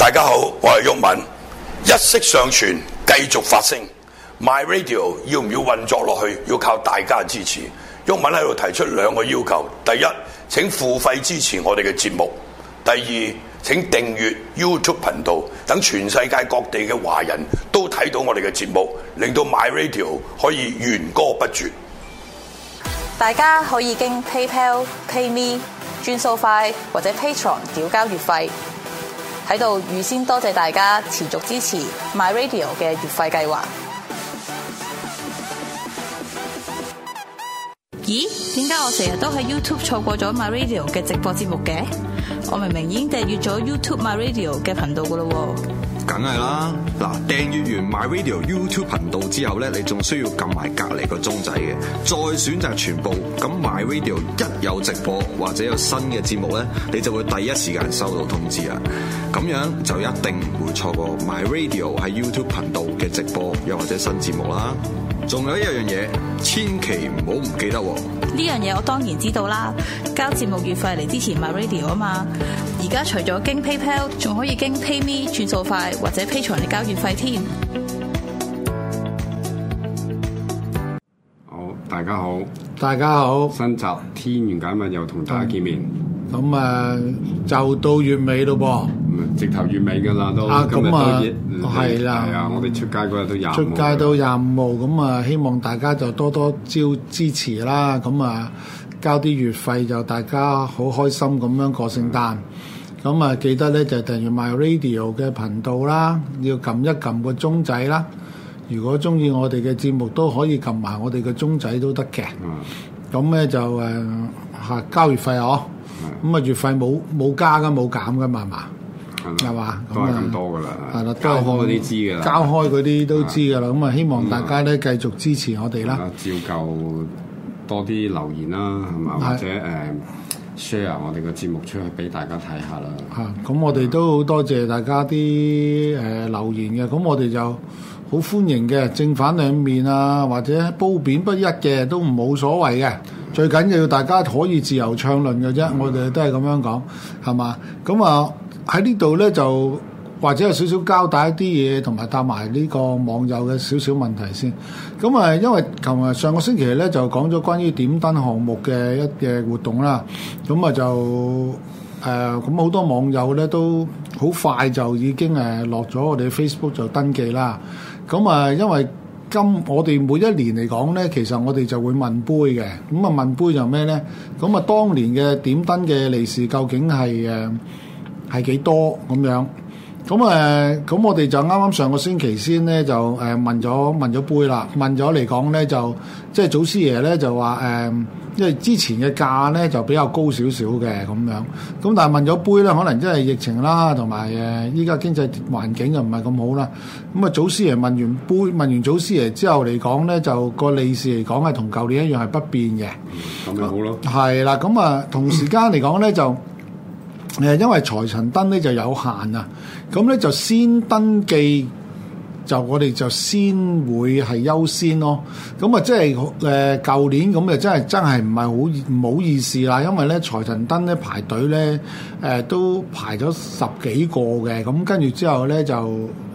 大家好，我係毓民，一息尚存，繼續發聲。My Radio 要唔要運作落去？要靠大家支持。毓民喺度提出兩個要求：第一，請付費支持我哋嘅節目；第二，請訂閱 YouTube 頻道，等全世界各地嘅華人都睇到我哋嘅節目，令到 My Radio 可以源歌不絕。大家可以經 PayPal PayMe 轉數快，或者 Patreon 繳交月費。喺度預先多謝大家持續支持 My Radio 嘅月費計劃。咦？點解我成日都喺 YouTube 錯過咗 My Radio 嘅直播節目嘅？我明明已經訂閱咗 YouTube My Radio 嘅頻道㗎喇喎。梗係啦，嗱，訂閲完 My Radio YouTube 頻道之後咧，你仲需要撳埋隔離個鐘仔嘅，再選擇全部，咁 My Radio 一有直播或者有新嘅節目咧，你就會第一時間收到通知啦。咁樣就一定唔會錯過 My Radio 喺 YouTube 頻道嘅直播又或者新節目啦。仲有一樣嘢，千祈唔好唔記得喎！呢樣嘢我當然知道啦，交節目月費嚟之前 m radio 啊嘛！而家除咗經 PayPal，仲可以經 PayMe 轉數快或者 Pay 財嚟交月費添。好，大家好，大家好，新集天元解密又同大家見面。嗯咁啊，就、嗯、到月尾咯噃，直頭月尾噶啦都。啊，咁啊，係啦，係啊，我哋出街嗰日都廿，出街到廿五號，咁啊，希望大家就多多招支持啦。咁啊，交啲月費就大家好開心咁樣過聖誕。咁啊的，記得咧就訂閱 MyRadio 嘅頻道啦，要撳一撳個鐘仔啦。如果中意我哋嘅節目，都可以撳埋我哋嘅鐘仔都得嘅。的嗯。咁咧就誒、啊，交月費哦、啊。咁啊、嗯，月費冇冇加噶冇減噶嘛，係嘛的，係嘛吧，都係咁多噶啦，係咯的，交，交開嗰啲知噶啦，交開嗰啲都知噶啦，咁啊的，希望大家咧的繼續支持我哋啦，照舊多啲留言啦，係嘛，的或者誒、呃、share 我哋嘅節目出去俾大家睇下啦。嚇，咁我哋都好多謝大家啲誒、呃、留言嘅，咁我哋就好歡迎嘅，正反兩面啊，或者褒貶不一嘅都冇所謂嘅。最緊要大家可以自由暢論嘅啫，嗯、我哋都係咁樣講，係嘛？咁啊喺呢度呢，就或者有少少交代一啲嘢，同埋答埋呢個網友嘅少少問題先。咁啊，因為琴日上個星期呢，就講咗關於點燈項目嘅一嘅活動啦。咁啊就誒，咁、呃、好多網友呢，都好快就已經誒落咗我哋 Facebook 就登記啦。咁啊，因為今我哋每一年嚟講咧，其實我哋就會問杯嘅，咁啊問杯就咩咧？咁啊當年嘅點燈嘅利是究竟係誒係幾多咁樣？咁誒，咁我哋就啱啱上個星期先咧就誒問咗問咗杯啦，問咗嚟講咧就即係祖師爺咧就話誒，因為之前嘅價咧就比較高少少嘅咁樣。咁但係問咗杯咧，可能真係疫情啦，同埋誒依家經濟環境又唔係咁好啦。咁啊，祖師爺問完杯問完祖師爺之後嚟講咧，就個利是嚟講係同舊年一樣係不變嘅。嗯。咁、嗯、就好咯。係啦，啊，咁啊同時間嚟講咧就。誒，因為財神燈咧就有限啊，咁咧就先登記，就我哋就先會係優先咯。咁啊，即係誒舊年咁啊，真係真係唔係好唔好意思啦，因為咧財神燈咧排隊咧誒都排咗十幾個嘅，咁跟住之後咧就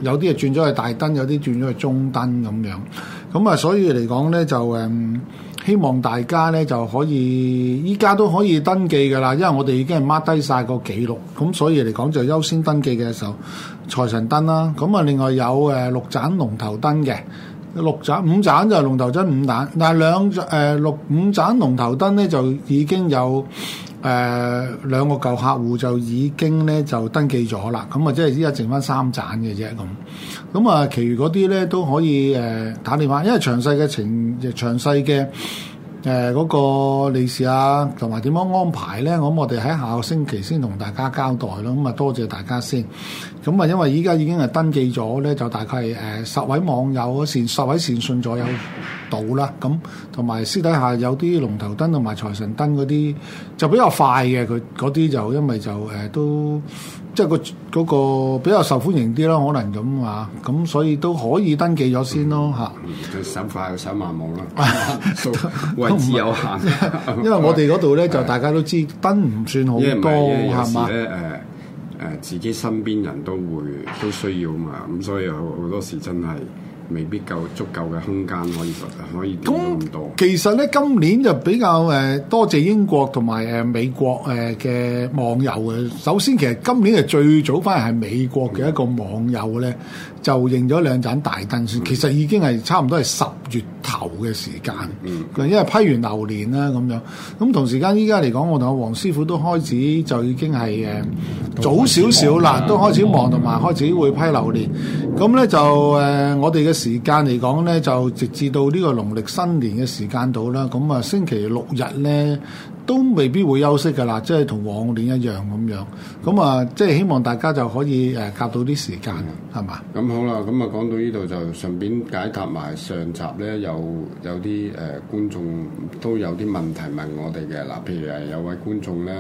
有啲係轉咗去大燈，有啲轉咗去中燈咁樣，咁啊所以嚟講咧就誒。嗯希望大家咧就可以，依家都可以登記㗎啦，因為我哋已經係 mark 低晒個記錄，咁所以嚟講就優先登記嘅時候，財神燈啦，咁啊另外有誒六盞龍頭燈嘅。六盞五盞就係龍頭燈五盞，但係兩誒、呃、六五盞龍頭燈咧就已經有誒、呃、兩個舊客戶就已經咧就登記咗啦，咁啊、嗯、即係依家剩翻三盞嘅啫咁，咁啊、嗯，其餘嗰啲咧都可以誒、呃、打電話，因為詳細嘅情亦詳細嘅。誒嗰個利是啊，同埋點樣安排咧？咁我哋喺下個星期先同大家交代咯。咁啊，多謝大家先。咁啊，因為依家已經係登記咗咧，就大概係誒十位網友先，十位善信左右。到啦，咁同埋私底下有啲龍頭燈同埋財神燈嗰啲就比較快嘅，佢嗰啲就因為就誒、呃、都即係個嗰比較受歡迎啲啦，可能咁啊，咁、啊、所以都可以登記咗先咯，嚇、嗯嗯嗯。手快手慢冇啦，啊 啊、位置有限，啊、因為我哋嗰度咧就大家都知、啊、燈唔算好多，係嘛、啊？誒誒吧、啊，自己身邊人都會都需要嘛，咁所以好多時真係。未必夠足夠嘅空間可以可以咁多。其實咧今年就比較誒、啊、多謝英國同埋誒美國誒嘅、啊、網友嘅。首先其實今年係最早翻係美國嘅一個網友咧、嗯、就認咗兩盞大燈，嗯、其實已經係差唔多係十月頭嘅時間。嗯，因為批完流年啦咁樣，咁同時間依家嚟講，我同阿黃師傅都開始就已經係誒早少少啦，了都開始忙同埋開始會批流年，咁咧就誒、呃、我哋嘅。時間嚟講咧，就直至到呢個農曆新年嘅時間到啦。咁啊，星期六日咧都未必會休息嘅啦，即係同往年一樣咁樣。咁啊、嗯，即係希望大家就可以誒夾、啊、到啲時間，係嘛、嗯？咁吧、嗯、好啦，咁啊講到呢度就順便解答埋上，上集咧，有有啲誒、呃、觀眾都有啲問題問我哋嘅嗱，譬如係有位觀眾咧誒、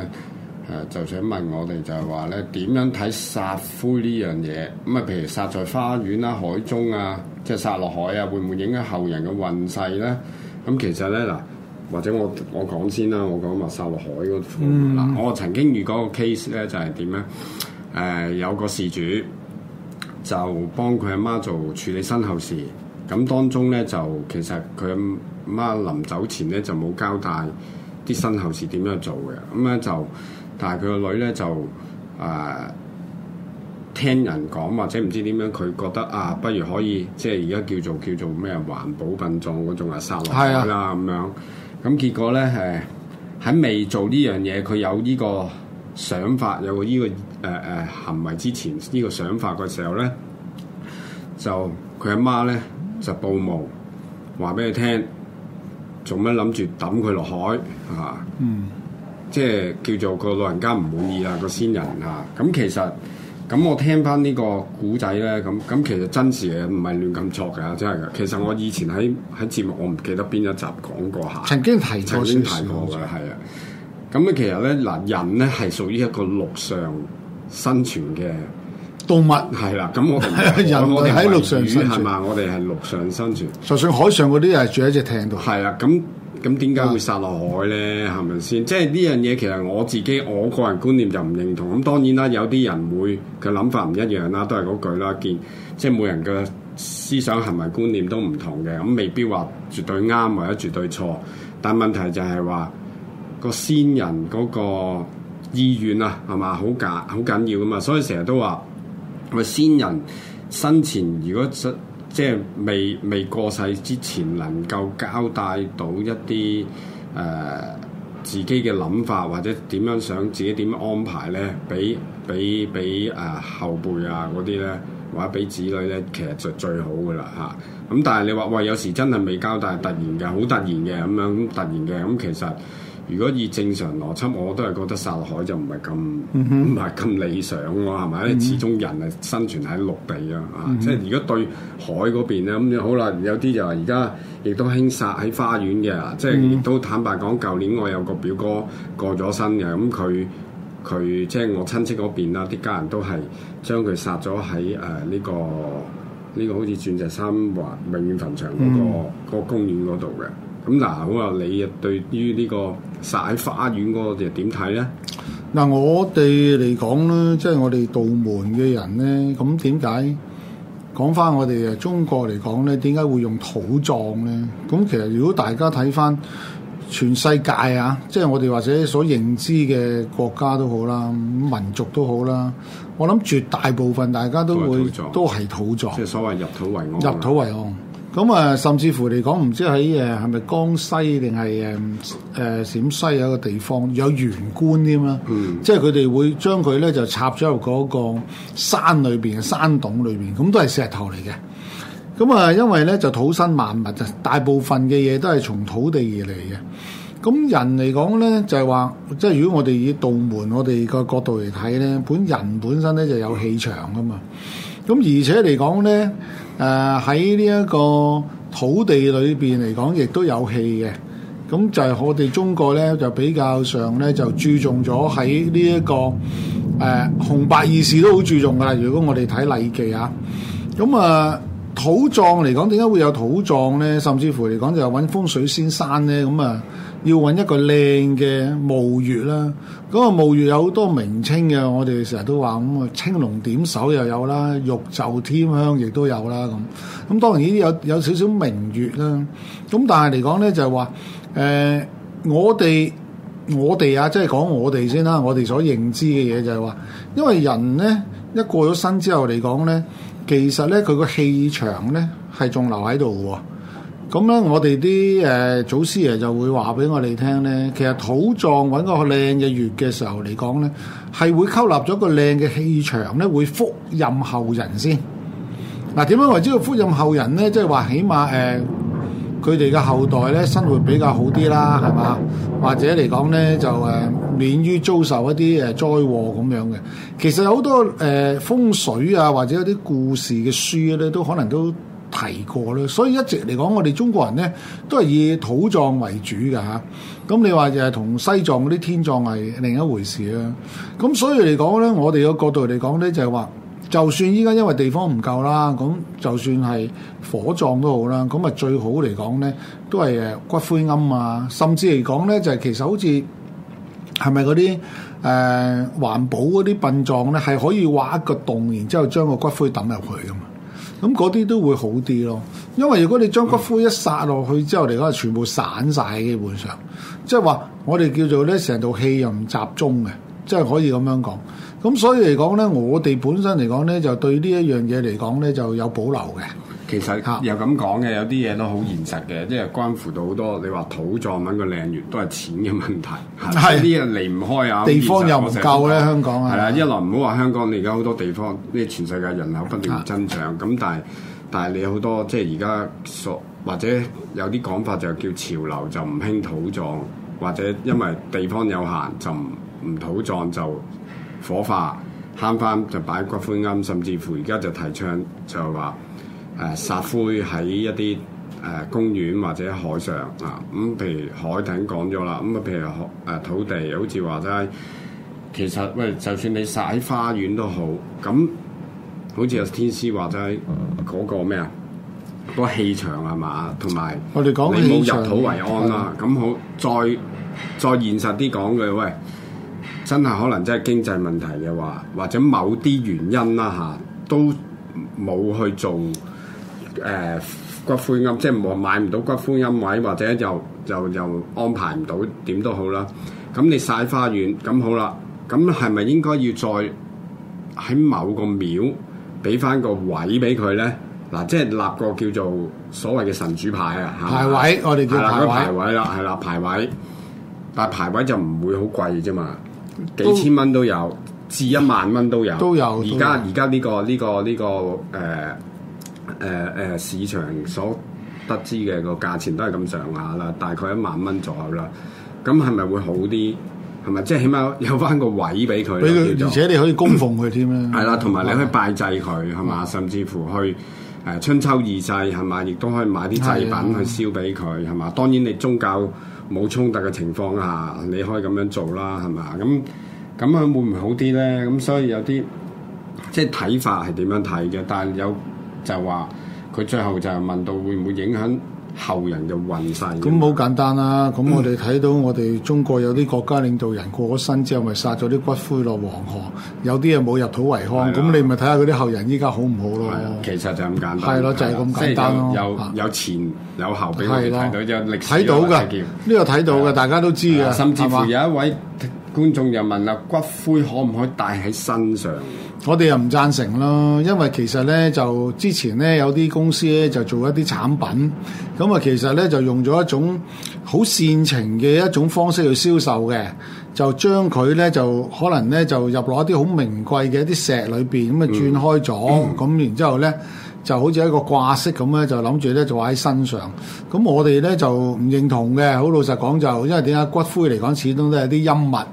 呃，就想問我哋就係話咧點樣睇撒灰呢樣嘢？咁啊，譬如撒在花園啊、海中啊。即係殺落海啊，會唔會影響後人嘅運勢咧？咁、嗯、其實咧嗱，或者我我講先啦，我講埋殺落海嗰個，嗱、嗯，我曾經遇過個 case 咧就係點咧？誒、呃，有個事主就幫佢阿媽做處理身後事，咁、嗯、當中咧就其實佢阿媽臨走前咧就冇交代啲身後事點樣做嘅，咁、嗯、咧就，但係佢個女咧就啊～、呃聽人講，或者唔知點樣，佢覺得啊，不如可以即係而家叫做叫做咩環保殯葬嗰種啊，撒落海啦咁樣。咁、嗯、結果咧，誒、呃、喺未做呢樣嘢，佢有呢個想法，有、個呢個誒誒行為之前，呢個想法嘅時候咧，就佢阿媽咧就報夢話俾佢聽，做咩諗住抌佢落海嚇？啊、嗯，即係叫做個老人家唔滿意啊，個先人嚇。咁、啊嗯、其實。咁我聽翻呢個古仔咧，咁咁其實真實嘅，唔係亂咁作噶，真係噶。其實我以前喺喺節目，我唔記得邊一集講過下。曾經提過，曾經提過嘅係啊。咁咧事其實咧嗱，人咧係屬於一個陸上生存嘅動物，係啦。咁我 人類喺陸上生存嘛，我哋係陸上生存。生存就算海上嗰啲係住喺隻艇度，係啊咁。咁點解會撒落海咧？係咪先？即係呢樣嘢，其實我自己我個人觀念就唔認同。咁當然啦，有啲人會嘅諗法唔一樣啦，都係嗰句啦。見即係每人嘅思想行為觀念都唔同嘅，咁未必話絕對啱或者絕對錯。但問題就係話個先人嗰個意願啊，係嘛，好緊好緊要噶嘛。所以成日都話，喂，先人生前如果即係未未過世之前，能夠交代到一啲誒、呃、自己嘅諗法，或者點樣想自己點樣安排咧，俾俾俾誒後輩啊嗰啲咧，或者俾子女咧，其實就最好噶啦嚇。咁、嗯、但係你話喂，有時真係未交代，突然嘅，好突然嘅咁樣，突然嘅咁、嗯、其實。如果以正常邏輯，我都係覺得撒海就唔係咁唔係咁理想喎、啊，係咪？嗯、始終人係生存喺陸地啊，嗯、哼啊！即係如果對海嗰邊咧，咁、嗯、好啦，有啲就話而家亦都興撒喺花園嘅，即係亦都坦白講，舊年我有個表哥過咗身嘅，咁佢佢即係我親戚嗰邊啦，啲家人都係將佢撒咗喺誒呢個呢、呢個呢個好似鑽石山或永遠墳場嗰、嗰個、嗯、個公園嗰度嘅。咁嗱，好啊！你啊，對於呢個曬花園嗰個嘢點睇咧？嗱，我哋嚟講咧，即係我哋道門嘅人咧，咁點解講翻我哋啊？中國嚟講咧，點解會用土葬咧？咁其實如果大家睇翻全世界啊，即係我哋或者所認知嘅國家都好啦，民族都好啦，我諗絕大部分大家都會土土都係土葬，即係所謂入土為安，入土為安。咁啊，甚至乎嚟講，唔知喺誒係咪江西定係誒誒陝西有一個地方有懸棺添啦，嗯、即係佢哋會將佢咧就插咗入嗰個山裏邊嘅山洞裏邊，咁都係石頭嚟嘅。咁啊，因為咧就土生萬物啊，大部分嘅嘢都係從土地而嚟嘅。咁人嚟講咧就係、是、話，即係如果我哋以道門我哋個角度嚟睇咧，本人本身咧就有氣場噶嘛。咁而且嚟講咧。誒喺呢一個土地裏邊嚟講，亦都有氣嘅。咁就係我哋中國咧，就比較上咧就注重咗喺呢一個誒、呃、紅白二事都好注重噶啦。如果我哋睇禮記啊，咁啊土葬嚟講，點解會有土葬咧？甚至乎嚟講就揾風水先生咧，咁啊～要揾一個靚嘅墓穴啦，嗰、那個墓穴有好多名稱嘅，我哋成日都話咁啊，那個、青龍點首又有啦，玉袖添香亦都有啦咁。咁、那個那個、當然呢啲有有少少名月啦。咁、那個、但係嚟講咧就係、是、話，誒、呃、我哋我哋啊，即係講我哋先啦，我哋所認知嘅嘢就係話，因為人咧一過咗身之後嚟講咧，其實咧佢個氣場咧係仲留喺度喎。咁咧、嗯，我哋啲誒祖師爺就會話俾我哋聽咧。其實土葬揾個靚嘅月嘅時候嚟講咧，係會勾立咗個靚嘅氣場咧，會福任後人先。嗱、啊、點樣為之要福任後人咧？即係話起碼誒，佢哋嘅後代咧生活比較好啲啦，係嘛？或者嚟講咧就誒、呃、免於遭受一啲誒、呃、災禍咁樣嘅。其實好多誒、呃、風水啊，或者一啲故事嘅書咧，都可能都。提過啦，所以一直嚟講，我哋中國人咧都係以土葬為主嘅嚇。咁、啊、你話就係同西藏嗰啲天葬係另一回事啦。咁、啊、所以嚟講咧，我哋個角度嚟講咧，就係、是、話，就算依家因為地方唔夠啦，咁就算係火葬都好啦，咁啊最好嚟講咧，都係誒骨灰庵啊，甚至嚟講咧，就係、是、其實好似係咪嗰啲誒環保嗰啲殯葬咧，係可以挖一個洞，然之後將個骨灰抌入去噶嘛？咁嗰啲都會好啲咯，因為如果你將骨灰一撒落去之後嚟講，嗯、全部散晒。基本上，即係話我哋叫做咧成道氣又唔集中嘅，即係可以咁樣講。咁所以嚟講咧，我哋本身嚟講咧，就對呢一樣嘢嚟講咧就有保留嘅。其實又咁講嘅，有啲嘢都好現實嘅，即係關乎到好多，你話土葬揾個靚穴都係錢嘅問題，係啲嘢離唔開啊。地方又唔夠咧，香港啊，係啊，一來唔好話香港，你而家好多地方，咩全世界人口不斷增長，咁的但係但係你好多即係而家所或者有啲講法就叫潮流就唔興土葬，或者因為地方有限就唔唔土葬就火化慳翻就擺骨灰龕，甚至乎而家就提倡就係話。誒撒灰喺一啲誒、呃、公園或者海上啊，咁、嗯、譬如海艇講咗啦，咁、嗯、啊譬如誒、呃、土地，好似話齋，其實喂，就算你撒喺花園都好，咁好似有天師話齋嗰個咩啊？個氣場係嘛，同埋你冇入土為安啦、啊，咁的好再再現實啲講嘅，喂，真係可能真係經濟問題嘅話，或者某啲原因啦、啊、嚇，都冇去做。誒、呃、骨灰庵，即係冇買唔到骨灰庵位，或者又又又安排唔到，點都好啦。咁你晒花園，咁好啦。咁係咪應該要再喺某個廟俾翻個位俾佢咧？嗱、啊，即係立個叫做所謂嘅神主牌啊。排位，位，我哋叫排位啦，係啦排位。但係排位就唔會好貴啫嘛，幾千蚊都有，都至一萬蚊都有、嗯。都有。而家而家呢個呢、呢個呢、呢個誒。呃誒誒、呃，市場所得知嘅個價錢都係咁上下啦，大概一萬蚊左右啦。咁係咪會好啲？係咪即係起碼有翻個位俾佢？俾佢，而且你可以供奉佢添啊！係啦、嗯，同埋你可以拜祭佢係嘛？是是嗯、甚至乎去誒、呃、春秋二祭係嘛？亦都可以買啲祭品去燒俾佢係嘛？當然你宗教冇衝突嘅情況下，你可以咁樣做啦係嘛？咁咁佢會唔會好啲咧？咁所以有啲即係睇法係點樣睇嘅？但係有。就話佢最後就係問到會唔會影響後人嘅運勢？咁好簡單啦、啊！咁我哋睇到我哋中國有啲國家領導人過咗身之後，咪撒咗啲骨灰落黃河，有啲又冇入土為安。咁的你咪睇下嗰啲後人依家好唔好咯？其實就咁簡單。係咯，就係、是、咁簡單。即有有前有後俾佢。睇到的有歷史睇到嘅，呢個睇到嘅，大家都知嘅，甚至乎有一位。觀眾又問啦，骨灰可唔可以帶喺身上？我哋又唔贊成咯，因為其實咧就之前咧有啲公司咧就做一啲產品，咁啊其實咧就用咗一種好煽情嘅一種方式去銷售嘅，就將佢咧就可能咧就入落一啲好名貴嘅一啲石裏邊，咁啊轉開咗，咁、嗯、然之後咧就好似一個掛飾咁咧，就諗住咧就喺身上。咁我哋咧就唔認同嘅，好老實講就因為點解骨灰嚟講始終都係啲陰物。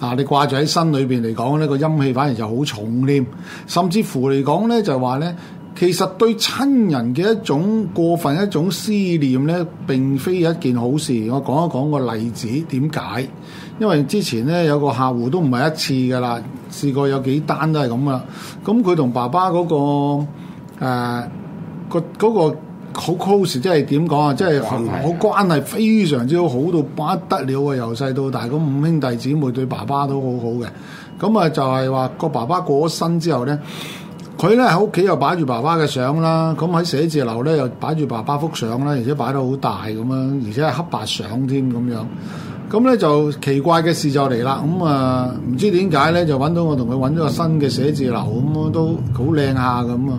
啊！你掛住喺心裏邊嚟講呢個陰氣反而就好重添，甚至乎嚟講呢就係話呢，其實對親人嘅一種過分一種思念呢，並非一件好事。我講一講個例子點解？因為之前呢，有個客戶都唔係一次噶啦，試過有幾單都係咁啊。咁佢同爸爸嗰個誒個嗰個。呃好 close，即係點講啊？即係我關係，非常之好到不得了啊！由細到大，咁五兄弟姊妹對爸爸都好好嘅。咁啊，就係話個爸爸過咗身之後咧，佢咧喺屋企又擺住爸爸嘅相啦，咁喺寫字樓咧又擺住爸爸幅相啦，而且擺得好大咁樣，而且係黑白相添咁樣。咁咧就奇怪嘅事就嚟啦。咁啊，唔知點解咧，就揾到我同佢揾咗個新嘅寫字樓，咁都好靚下咁啊。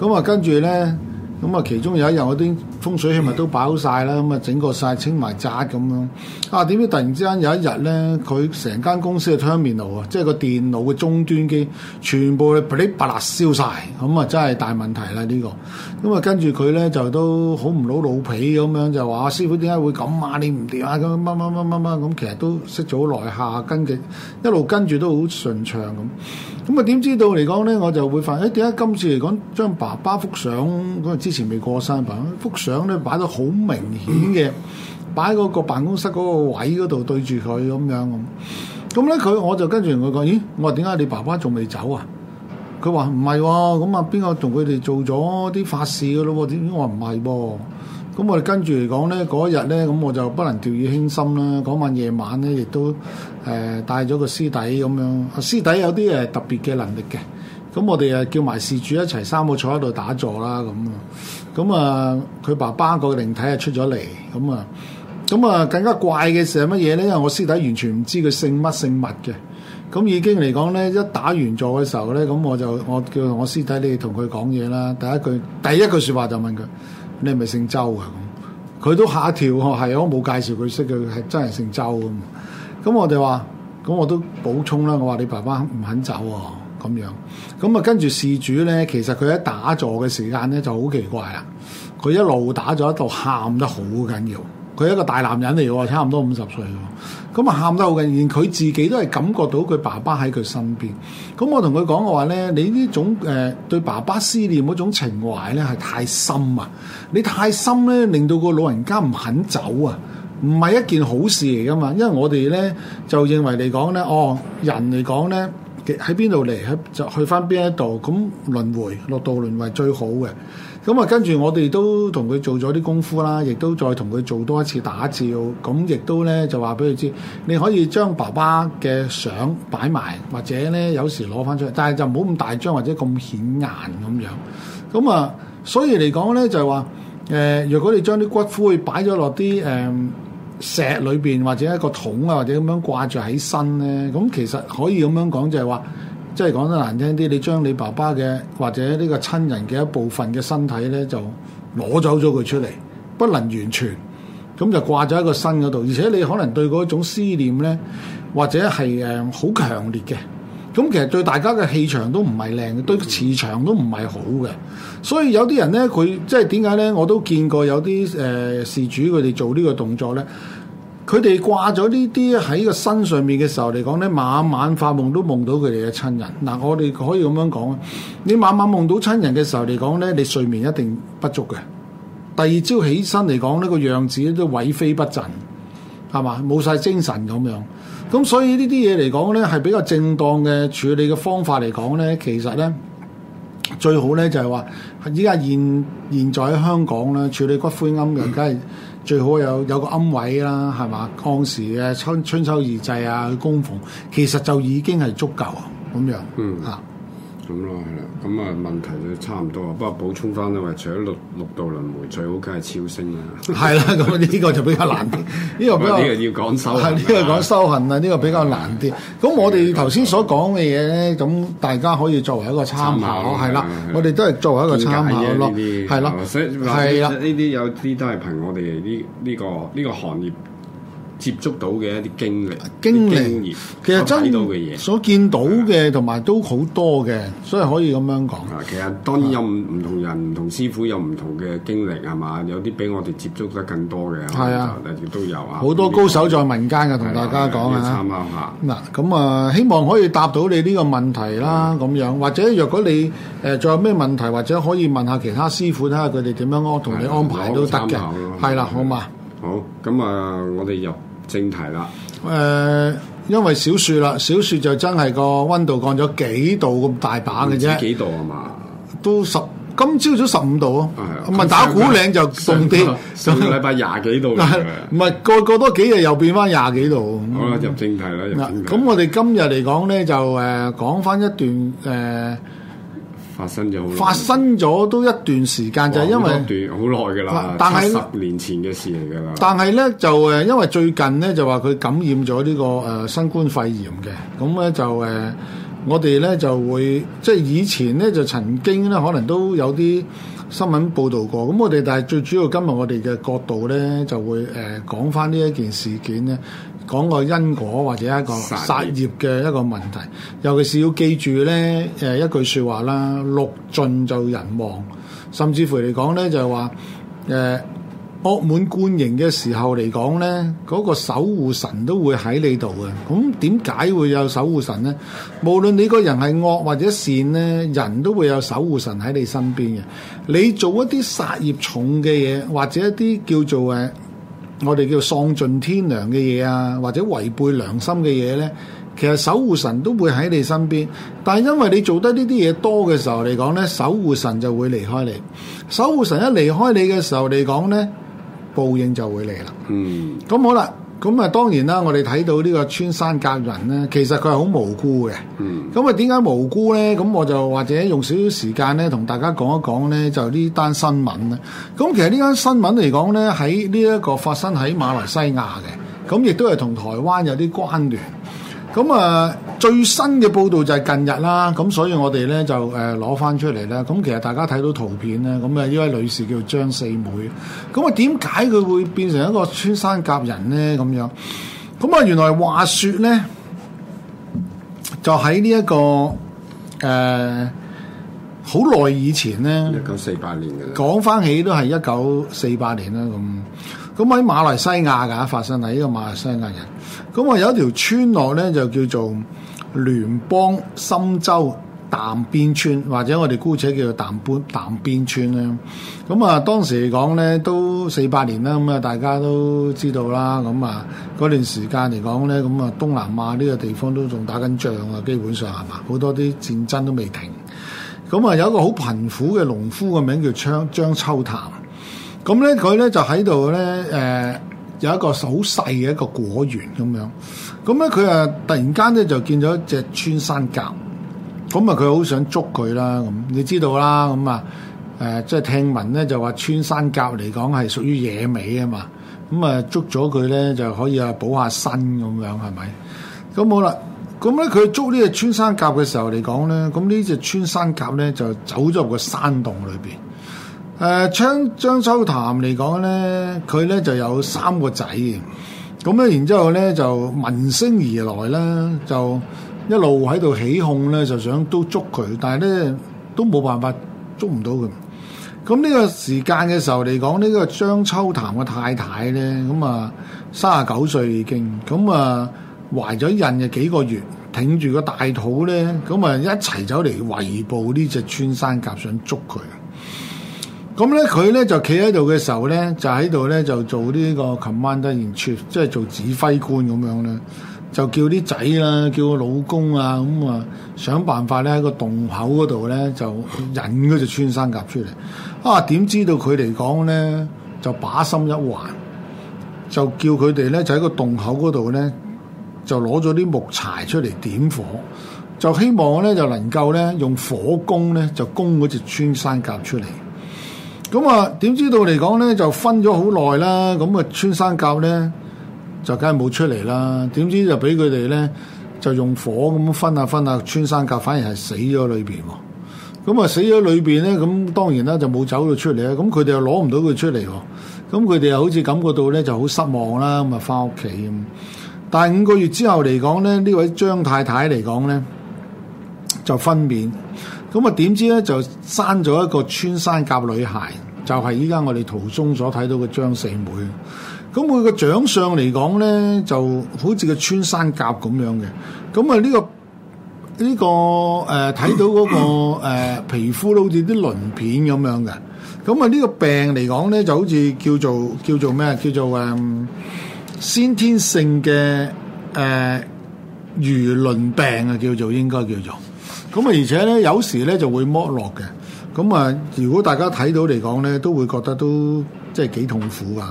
咁啊，啊，跟住咧。咁啊，其中有一日我都。風水起咪都擺好曬啦，咁啊整個晒清埋渣咁樣。啊點知突然之間有一日咧，佢成間公司嘅窗面爐啊，即係個電腦嘅終端機，全部噼里啪啦燒晒，咁啊真係大問題啦呢個。咁啊跟住佢咧就都好唔老老皮咁樣就話：師傅點解會咁啊？你唔掂啊？咁乜乜乜乜乜咁，其實都識咗好耐下，跟住一路跟住都好順暢咁。咁啊點知道嚟講咧，我就會發現，誒點解今次嚟講將爸爸幅相，嗰個之前未過身爸幅咁咧擺到好明顯嘅，擺喺嗰個辦公室嗰個位嗰度對住佢咁樣咁，咁咧佢我就跟住佢講，咦？我話點解你爸爸仲未走啊？佢話唔係喎，咁啊邊個同佢哋做咗啲法事嘅咯？點點我話唔係噃，咁我哋跟住嚟講咧嗰日咧，咁我就不能掉以輕心啦。嗰晚夜晚咧，亦都誒、呃、帶咗個師弟咁樣，師弟有啲誒特別嘅能力嘅，咁我哋誒叫埋事主一齊三個坐喺度打坐啦咁啊。咁啊，佢、嗯、爸爸個靈體啊出咗嚟，咁、嗯、啊，咁、嗯、啊、嗯、更加怪嘅事係乜嘢咧？因為我師弟完全唔知佢姓乜姓乜嘅，咁、嗯、已經嚟講咧，一打完座嘅時候咧，咁、嗯、我就我叫我師弟你同佢講嘢啦，第一句第一句説話就問佢：你係咪姓周啊？咁、嗯、佢都嚇一跳，係我冇介紹佢識，佢係真係姓周咁。咁、嗯嗯、我哋話：咁、嗯、我都補充啦，我話你爸爸唔肯走喎、啊。咁樣，咁啊跟住事主咧，其實佢喺打坐嘅時間咧就好奇怪啦。佢一路打坐，喺度喊得好緊要。佢一個大男人嚟喎，差唔多五十歲咯。咁啊喊得好緊要，佢自己都係感覺到佢爸爸喺佢身邊。咁我同佢講嘅話咧，你呢種誒、呃、對爸爸思念嗰種情懷咧係太深啊！你太深咧，令到個老人家唔肯走啊，唔係一件好事嚟噶嘛。因為我哋咧就認為嚟講咧，哦，人嚟講咧。喺邊度嚟？喺就去翻邊一度？咁輪迴，六道輪迴最好嘅。咁、嗯、啊，跟住我哋都同佢做咗啲功夫啦，亦都再同佢做多一次打照。咁、嗯、亦都咧就話俾佢知，你可以將爸爸嘅相擺埋，或者咧有時攞翻出嚟，但係就唔好咁大張或者咁顯眼咁樣。咁、嗯、啊、嗯，所以嚟講咧就係、是、話，誒、呃，如果你將啲骨灰擺咗落啲誒。呃石裏邊或者一個桶啊，或者咁樣掛住喺身呢。咁其實可以咁樣講就係話，即係講得難聽啲，你將你爸爸嘅或者呢個親人嘅一部分嘅身體呢，就攞走咗佢出嚟，不能完全，咁就掛咗喺個身嗰度，而且你可能對嗰種思念呢，或者係誒好強烈嘅。咁其實對大家嘅氣場都唔係靚，對磁場都唔係好嘅。所以有啲人咧，佢即係點解咧？我都見過有啲誒、呃、事主佢哋做呢個動作咧，佢哋掛咗呢啲喺個身上面嘅時候嚟講咧，晚晚發夢都夢到佢哋嘅親人。嗱、呃，我哋可以咁樣講啊，你晚晚夢到親人嘅時候嚟講咧，你睡眠一定不足嘅。第二朝起身嚟講，呢個樣子都萎靡不振，係嘛？冇晒精神咁樣。咁所以呢啲嘢嚟講咧，係比較正當嘅處理嘅方法嚟講咧，其實咧最好咧就係話，依家現現在喺香港咧處理骨灰龕嘅，梗係最好有有個龕位啦，係嘛，當時嘅春春秋二祭啊，去供奉其實就已經係足夠啊，咁樣嗯啊。咁咯，係啦。咁啊，問題就差唔多啊。不過補充翻咧，話除咗六六道輪迴，最好梗係超升啦，啊。係啦，咁呢個就比較難啲，呢 個比較呢個要講修，啊，呢，這個講修行啊，呢，這個比較難啲。咁我哋頭先所講嘅嘢咧，咁大家可以作為一個參考咯。係啦，我哋都係作為一個參考咯。係啦，所以呢啲有啲都係憑我哋呢呢個呢，這個這個行業。接觸到嘅一啲經歷、經驗，其實真到嘅嘢，所見到嘅同埋都好多嘅，所以可以咁樣講。啊，其實當然有唔同人、唔同師傅有唔同嘅經歷係嘛，有啲比我哋接觸得更多嘅，係啊，亦都有啊。好多高手在民間啊，同大家講啊。參考下。嗱，咁啊，希望可以答到你呢個問題啦。咁樣或者若果你誒仲有咩問題，或者可以問下其他師傅睇下佢哋點樣安同你安排都得嘅。係啦，好嘛。好，咁啊，我哋又，正題啦，誒、呃，因為小雪啦，小雪就真係個温度降咗幾度咁大把嘅啫，幾度係嘛？都十今朝早十五度啊，唔係打鼓嶺就凍啲，上個禮拜廿幾度，唔係過過多幾日又變翻廿幾度。嗯、好啦，入正題啦，咁、啊、我哋今日嚟講咧就誒講翻一段誒。呃發生咗發生咗都一段時間哇就因為好耐㗎喇，但係是十年前嘅事嚟㗎喇。但係咧就誒，因為最近咧就話佢感染咗呢、這個誒、呃、新冠肺炎嘅，咁咧就誒、呃，我哋咧就會即係、就是、以前咧就曾經咧可能都有啲新聞報導過，咁我哋但係最主要今日我哋嘅角度咧就會誒、呃、講翻呢一件事件咧。講個因果或者一個殺業嘅一個問題，業尤其是要記住咧誒、呃、一句説話啦，六盡就人亡，甚至乎嚟講咧就係話誒惡滿貫盈嘅時候嚟講咧，嗰、那個守護神都會喺你度嘅。咁點解會有守護神咧？無論你個人係惡或者善咧，人都會有守護神喺你身邊嘅。你做一啲殺業重嘅嘢，或者一啲叫做誒、啊。我哋叫喪盡天良嘅嘢啊，或者違背良心嘅嘢呢，其實守護神都會喺你身邊，但係因為你做得呢啲嘢多嘅時候嚟講呢，守護神就會離開你。守護神一離開你嘅時候嚟講呢，報應就會嚟啦。嗯，咁好啦。咁啊，當然啦，我哋睇到呢個穿山甲人咧，其實佢係好無辜嘅。嗯。咁啊，點解無辜咧？咁我就或者用少少時間咧，同大家講一講咧，就呢單新聞咧。咁其實呢單新聞嚟講咧，喺呢一個發生喺馬來西亞嘅，咁亦都係同台灣有啲關聯。咁啊，最新嘅報道就係近日啦，咁所以我哋咧就誒攞翻出嚟啦。咁其實大家睇到圖片咧，咁啊呢位女士叫張四妹，咁啊點解佢會變成一個穿山甲人咧咁樣？咁啊原來話説咧，就喺呢一個誒好耐以前咧，一九四八年嘅，講翻起都係一九四八年啦咁。咁喺馬來西亞㗎，發生喺呢個馬來西亞人。咁啊，有一條村落咧，就叫做聯邦森州淡邊村，或者我哋姑且叫做淡邊淡邊村咧。咁啊，當時嚟講咧，都四八年啦。咁啊，大家都知道啦。咁啊，嗰段時間嚟講咧，咁啊，東南亞呢個地方都仲打緊仗啊，基本上係嘛，好多啲戰爭都未停。咁啊，有一個好貧苦嘅農夫嘅名叫張張秋潭。咁咧，佢咧就喺度咧，誒、呃、有一個好細嘅一個果園咁樣。咁咧，佢啊突然間咧就見咗隻穿山甲。咁啊，佢好想捉佢啦。咁你知道啦。咁啊，誒即係聽聞咧就話穿山甲嚟講係屬於野味啊嘛。咁啊，捉咗佢咧就可以啊補下身咁樣係咪？咁好啦。咁咧，佢捉呢隻穿山甲嘅時候嚟講咧，咁呢隻穿山甲咧就走咗入個山洞裏邊。誒張、呃、張秋潭嚟講咧，佢咧就有三個仔嘅，咁咧然之後咧就聞聲而來啦，就一路喺度起哄咧，就想都捉佢，但係咧都冇辦法捉唔到佢。咁呢個時間嘅時候嚟講，呢、呢個張秋潭嘅太太咧，咁啊三啊九歲已經，咁啊懷咗孕嘅幾個月，挺住個大肚咧，咁啊一齊走嚟圍捕呢隻穿山甲想捉佢。咁咧，佢咧就企喺度嘅時候咧，就喺度咧就做呢個 commander in chief 即係做指揮官咁樣咧，就叫啲仔啦，叫個老公啊，咁、嗯、啊，想辦法咧喺個洞口嗰度咧就引嗰隻穿山甲出嚟。啊，點知道佢嚟講咧就把心一橫，就叫佢哋咧就喺個洞口嗰度咧就攞咗啲木柴出嚟點火，就希望咧就能夠咧用火攻咧就攻嗰隻穿山甲出嚟。咁啊，點知道嚟講咧，就分咗好耐啦。咁啊，穿山甲咧就梗係冇出嚟啦。點知就俾佢哋咧就用火咁分下分下，穿山甲反而係死咗裏邊。咁、嗯、啊、嗯，死咗裏邊咧，咁、嗯、當然啦，就冇走出、嗯、到出嚟啦。咁佢哋又攞唔到佢出嚟。咁佢哋又好似感覺到咧，就好失望啦。咁、嗯、啊，返屋企。但係五個月之後嚟講咧，呢位張太太嚟講咧就分娩。咁啊，點知咧就生咗一個穿山甲女孩，就係依家我哋途中所睇到嘅張四妹。咁佢個長相嚟講咧，就好似個穿山甲咁樣嘅。咁啊，呢個呢個誒睇到嗰個皮膚咧，好似啲鱗片咁樣嘅。咁啊，呢個病嚟講咧，就好似叫做叫做咩？叫做誒、嗯、先天性嘅誒、呃、魚鱗病啊，叫做應該叫做。咁啊，而且咧，有時咧就會剝落嘅。咁啊，如果大家睇到嚟講咧，都會覺得都即係幾痛苦㗎。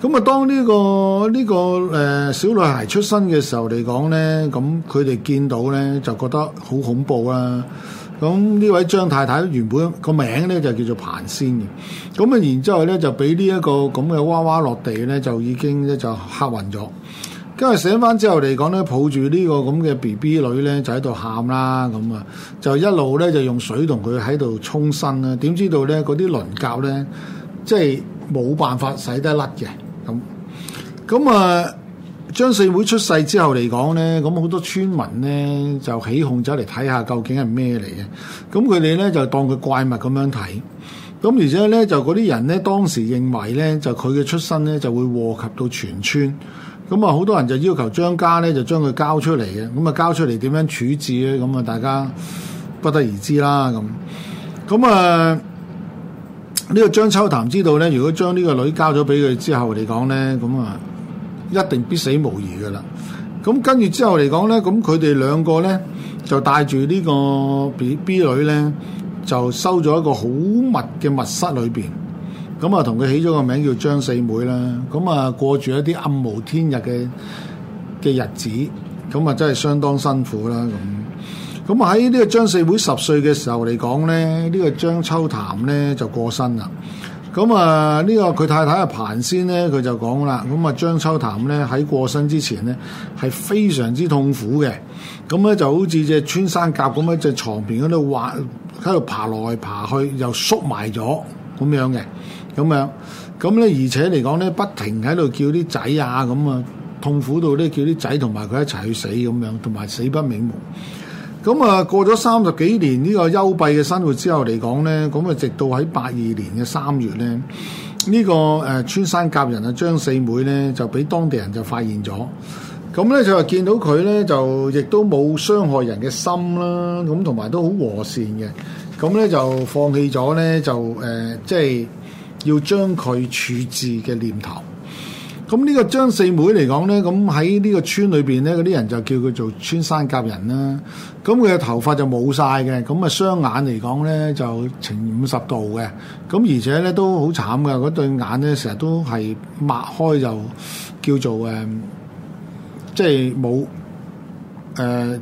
咁啊，當呢、呢個呢、呢個誒、呃、小女孩出生嘅時候嚟講咧，咁佢哋見到咧就覺得好恐怖啊。咁、啊、呢位張太太原本個名咧就叫做彭仙嘅。咁啊，然之後咧就俾呢一個咁嘅娃娃落地咧，就已經咧就嚇暈咗。因為醒翻之後嚟講咧，抱住呢個咁嘅 BB 女咧，就喺度喊啦，咁啊，就一路咧就用水同佢喺度沖身啦。點知道咧，嗰啲鱗甲咧，即係冇辦法洗得甩嘅。咁咁啊，張四妹出世之後嚟講咧，咁好多村民咧就起哄走嚟睇下究竟係咩嚟嘅。咁佢哋咧就當佢怪物咁樣睇。咁而且咧就嗰啲人咧當時認為咧就佢嘅出生咧就會禍及到全村。咁啊，好多人就要求張家咧，就將佢交出嚟嘅。咁啊，交出嚟點樣處置咧？咁啊，大家不得而知啦。咁，咁啊，呢個張秋潭知道咧，如果將呢個女交咗俾佢之後嚟講咧，咁啊，一定必死無疑噶啦。咁跟住之後嚟講咧，咁佢哋兩個咧就帶住呢個 B B 女咧，就收咗一個好密嘅密室裏邊。咁啊，同佢起咗個名叫張四妹啦。咁啊，過住一啲暗無天日嘅嘅日子，咁啊，真係相當辛苦啦。咁，咁喺呢個張四妹十歲嘅時候嚟講咧，呢個張秋潭咧就過身啦。咁啊，呢個佢太太阿彭先咧，佢就講啦。咁啊，張秋潭咧喺過身之前咧，係非常之痛苦嘅。咁咧就好似隻穿山甲咁喺隻床邊嗰度滑，喺度爬來爬去，又縮埋咗咁樣嘅。咁樣，咁咧而且嚟講咧，不停喺度叫啲仔啊，咁啊，痛苦到咧叫啲仔同埋佢一齊去死咁樣，同埋死不瞑目。咁啊，過咗三十幾年呢個幽閉嘅生活之後嚟講咧，咁啊直到喺八二年嘅三月咧，呢個誒穿山甲人啊張四妹咧就俾當地人就發現咗。咁咧就見到佢咧就亦都冇傷害人嘅心啦，咁同埋都好和善嘅。咁咧就放棄咗咧就誒即係。要將佢處置嘅念頭，咁呢個張四妹嚟講咧，咁喺呢個村裏邊咧，嗰啲人就叫佢做穿山甲人啦。咁佢嘅頭髮就冇晒嘅，咁啊雙眼嚟講咧就呈五十度嘅，咁而且咧都好慘噶，嗰對眼咧成日都係擘開就叫做誒、呃，即係冇誒。呃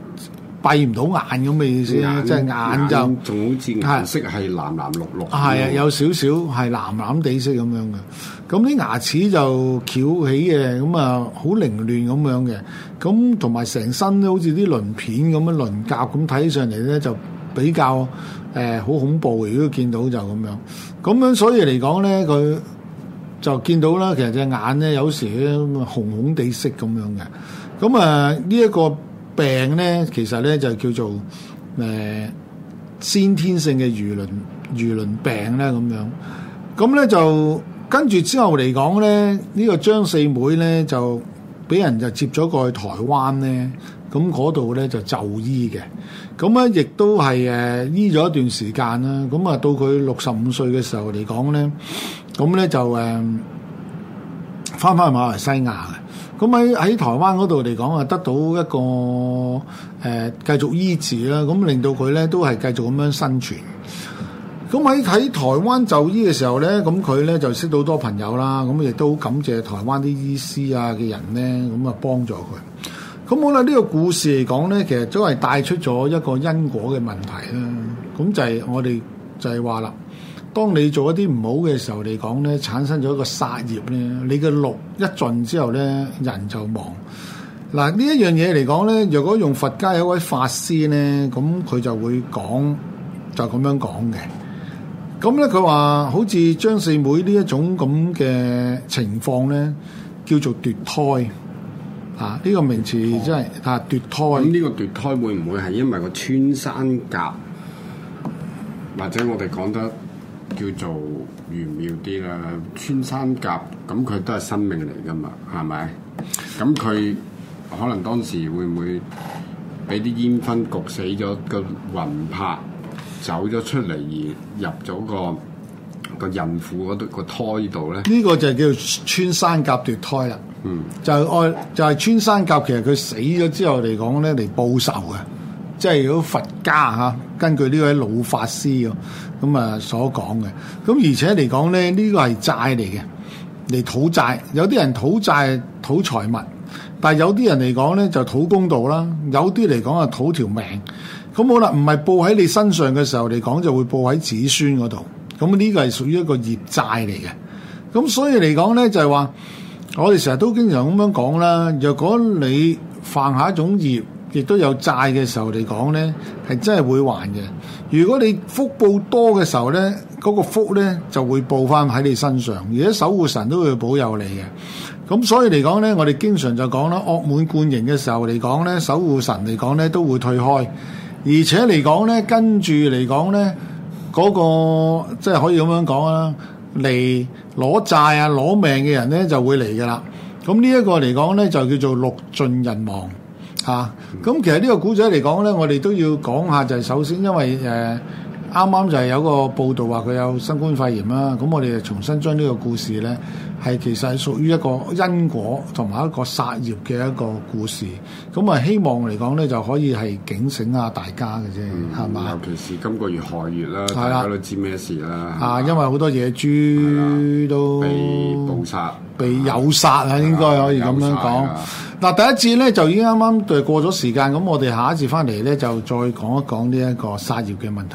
閉唔到眼咁嘅意思咧，眼即係眼就仲好似顏色係藍藍綠綠，係啊，有少少係藍藍地色咁、嗯、樣嘅。咁啲牙齒就翹起嘅，咁啊好凌亂咁樣嘅。咁同埋成身都好似啲鱗片咁樣鱗甲咁，睇上嚟咧就比較誒好、呃、恐怖。如果見到就咁樣，咁樣所以嚟講咧，佢就見到啦。其實隻眼咧有時紅紅地色咁樣嘅。咁啊呢一個病咧，其實咧就叫做誒、呃、先天性嘅魚鱗魚鱗病咧咁樣咁咧就跟住之後嚟講咧，呢、這個張四妹咧就俾人就接咗過去台灣咧，咁度咧就就醫嘅，咁咧亦都係誒、呃、醫咗一段時間啦，咁啊到佢六十五歲嘅時候嚟講咧，咁咧就誒翻返去馬來西亞啦。咁喺喺台灣嗰度嚟講啊，得到一個誒、呃、繼續醫治啦，咁令到佢咧都係繼續咁樣生存。咁喺喺台灣就醫嘅時候咧，咁佢咧就識到好多朋友啦，咁亦都好感謝台灣啲醫師啊嘅人咧，咁啊幫助佢。咁好啦，呢個故事嚟講咧，其實都係帶出咗一個因果嘅問題啦。咁就係我哋就係話啦。當你做一啲唔好嘅時候嚟講咧，產生咗一個殺業咧，你嘅祿一盡之後咧，人就亡。嗱、啊、呢一樣嘢嚟講咧，若果用佛家有位法師咧，咁佢就會講就咁、是、樣講嘅。咁咧佢話好似張四妹呢一種咁嘅情況咧，叫做奪胎啊！呢、這個名詞真係奪啊奪胎。咁呢個奪胎會唔會係因為個穿山甲或者我哋講得？叫做玄妙啲啦，穿山甲咁佢都係生命嚟㗎嘛，係咪？咁佢可能當時會唔會俾啲煙燻焗死咗個魂魄走咗出嚟而入咗個個孕婦嗰度個胎度咧？呢個就係叫穿山甲奪胎啦。嗯，就係愛就係、是、穿山甲，其實佢死咗之後嚟講咧嚟報仇嘅。即係如果佛家嚇，根據呢位老法師咁啊所講嘅，咁而且嚟講咧，呢個係債嚟嘅，嚟討債。有啲人討債討財物，但係有啲人嚟講咧就討公道啦。有啲嚟講啊討條命。咁好啦，唔係報喺你身上嘅時候嚟講，就會報喺子孫嗰度。咁呢個係屬於一個業債嚟嘅。咁所以嚟講咧就係話，我哋成日都經常咁樣講啦。若果你犯下一種業，亦都有債嘅時候嚟講咧，係真係會還嘅。如果你福報多嘅時候咧，嗰個福咧就會報翻喺你身上。而且守護神都會保佑你嘅。咁所以嚟講咧，我哋經常就講啦，惡滿貫盈嘅時候嚟講咧，守護神嚟講咧都會退開。而且嚟講咧，跟住嚟講咧，嗰個即係可以咁樣講啦，嚟攞債啊攞命嘅人咧就會嚟噶啦。咁呢一個嚟講咧，就叫做祿盡人亡。啊，咁其實呢個古仔嚟講咧，我哋都要講下，就係首先因為誒。呃啱啱就係有個報道話佢有新冠肺炎啦。咁我哋就重新將呢個故事咧，係其實係屬於一個因果同埋一個殺業嘅一個故事。咁啊，希望嚟講咧就可以係警醒下大家嘅啫，係嘛，嗯？吧尤其是今個月寒月啦，的大家都知咩事啦。啊，因為好多野豬都的被捕殺，被誘殺啊，應該可以咁樣講嗱。第一節咧就已經啱啱對過咗時間，咁我哋下一次翻嚟咧就再講一講呢一個殺業嘅問題。